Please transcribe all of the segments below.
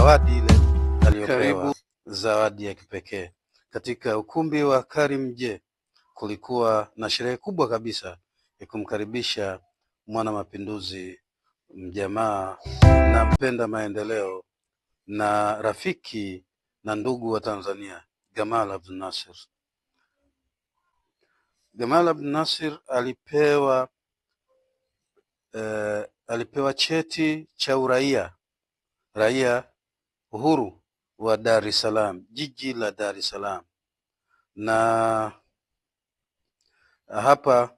zawadi ile aliyopewa, zawadi ya kipekee. Katika ukumbi wa Karim J kulikuwa na sherehe kubwa kabisa ya kumkaribisha mwana mapinduzi, mjamaa na mpenda maendeleo na rafiki na ndugu wa Tanzania, Gamal Abdel Nasser. Gamal Abdel Nasser alipewa eh, alipewa cheti cha uraia raia uhuru wa Dar es Salaam, jiji la Dar es Salaam, na hapa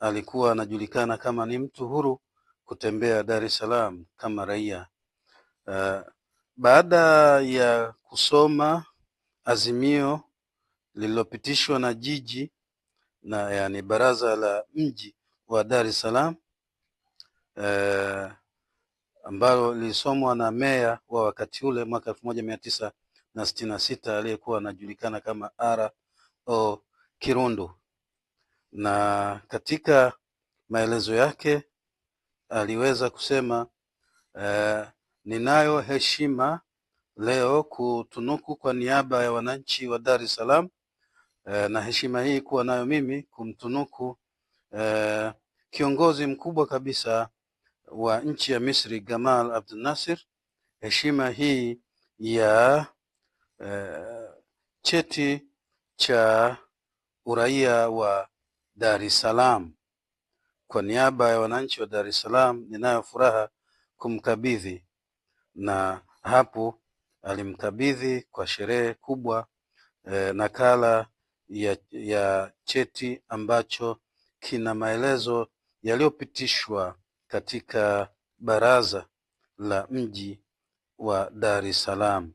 alikuwa anajulikana kama ni mtu huru kutembea Dar es Salaam kama raia. Uh, baada ya kusoma azimio lililopitishwa na jiji na yani baraza la mji wa Dar es Salaam uh, ambalo lilisomwa na meya wa wakati ule mwaka elfu moja mia tisa na sitini na sita aliyekuwa anajulikana kama O. Kirundu, na katika maelezo yake aliweza kusema eh, ninayo heshima leo kutunuku kwa niaba ya wananchi wa Dar es Salaam eh, na heshima hii kuwa nayo mimi kumtunuku eh, kiongozi mkubwa kabisa wa nchi ya Misri Gamal Abdel Nasser heshima hii ya uh, cheti cha uraia wa Dar es Salaam. Kwa niaba ya wananchi wa Dar es Salaam, ninayo furaha kumkabidhi, na hapo alimkabidhi kwa sherehe kubwa eh, nakala ya, ya cheti ambacho kina maelezo yaliyopitishwa katika baraza la mji wa Dar es Salaam.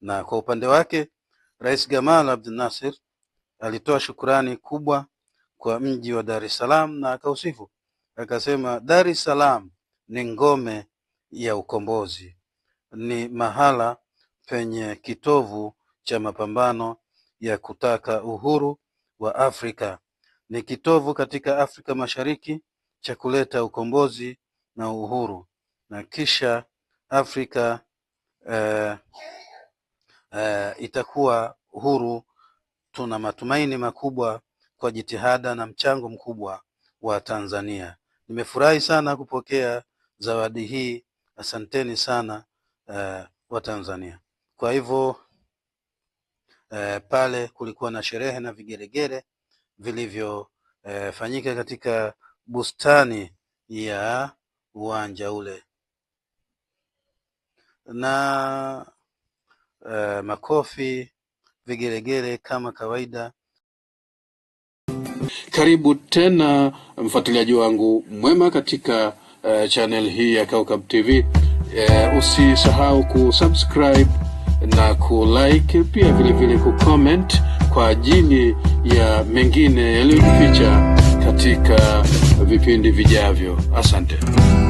Na kwa upande wake Rais Gamal Abdel Nasser alitoa shukurani kubwa kwa mji wa Dar es Salaam na akausifu akasema, Dar es Salaam ni ngome ya ukombozi, ni mahala penye kitovu cha mapambano ya kutaka uhuru wa Afrika, ni kitovu katika Afrika Mashariki cha kuleta ukombozi na uhuru na kisha Afrika uh, uh, itakuwa huru. Tuna matumaini makubwa kwa jitihada na mchango mkubwa wa Tanzania. Nimefurahi sana kupokea zawadi hii, asanteni sana uh, wa Tanzania. Kwa hivyo uh, pale kulikuwa na sherehe na vigeregere vilivyofanyika uh, katika bustani ya uwanja ule na uh, makofi, vigelegele kama kawaida. Karibu tena mfuatiliaji wangu mwema katika uh, channel hii ya Kaukab TV. Uh, eh, usisahau kusubscribe na kulike, pia vilevile kucomment kwa ajili ya mengine yaliyojificha katika vipindi vijavyo. Asante.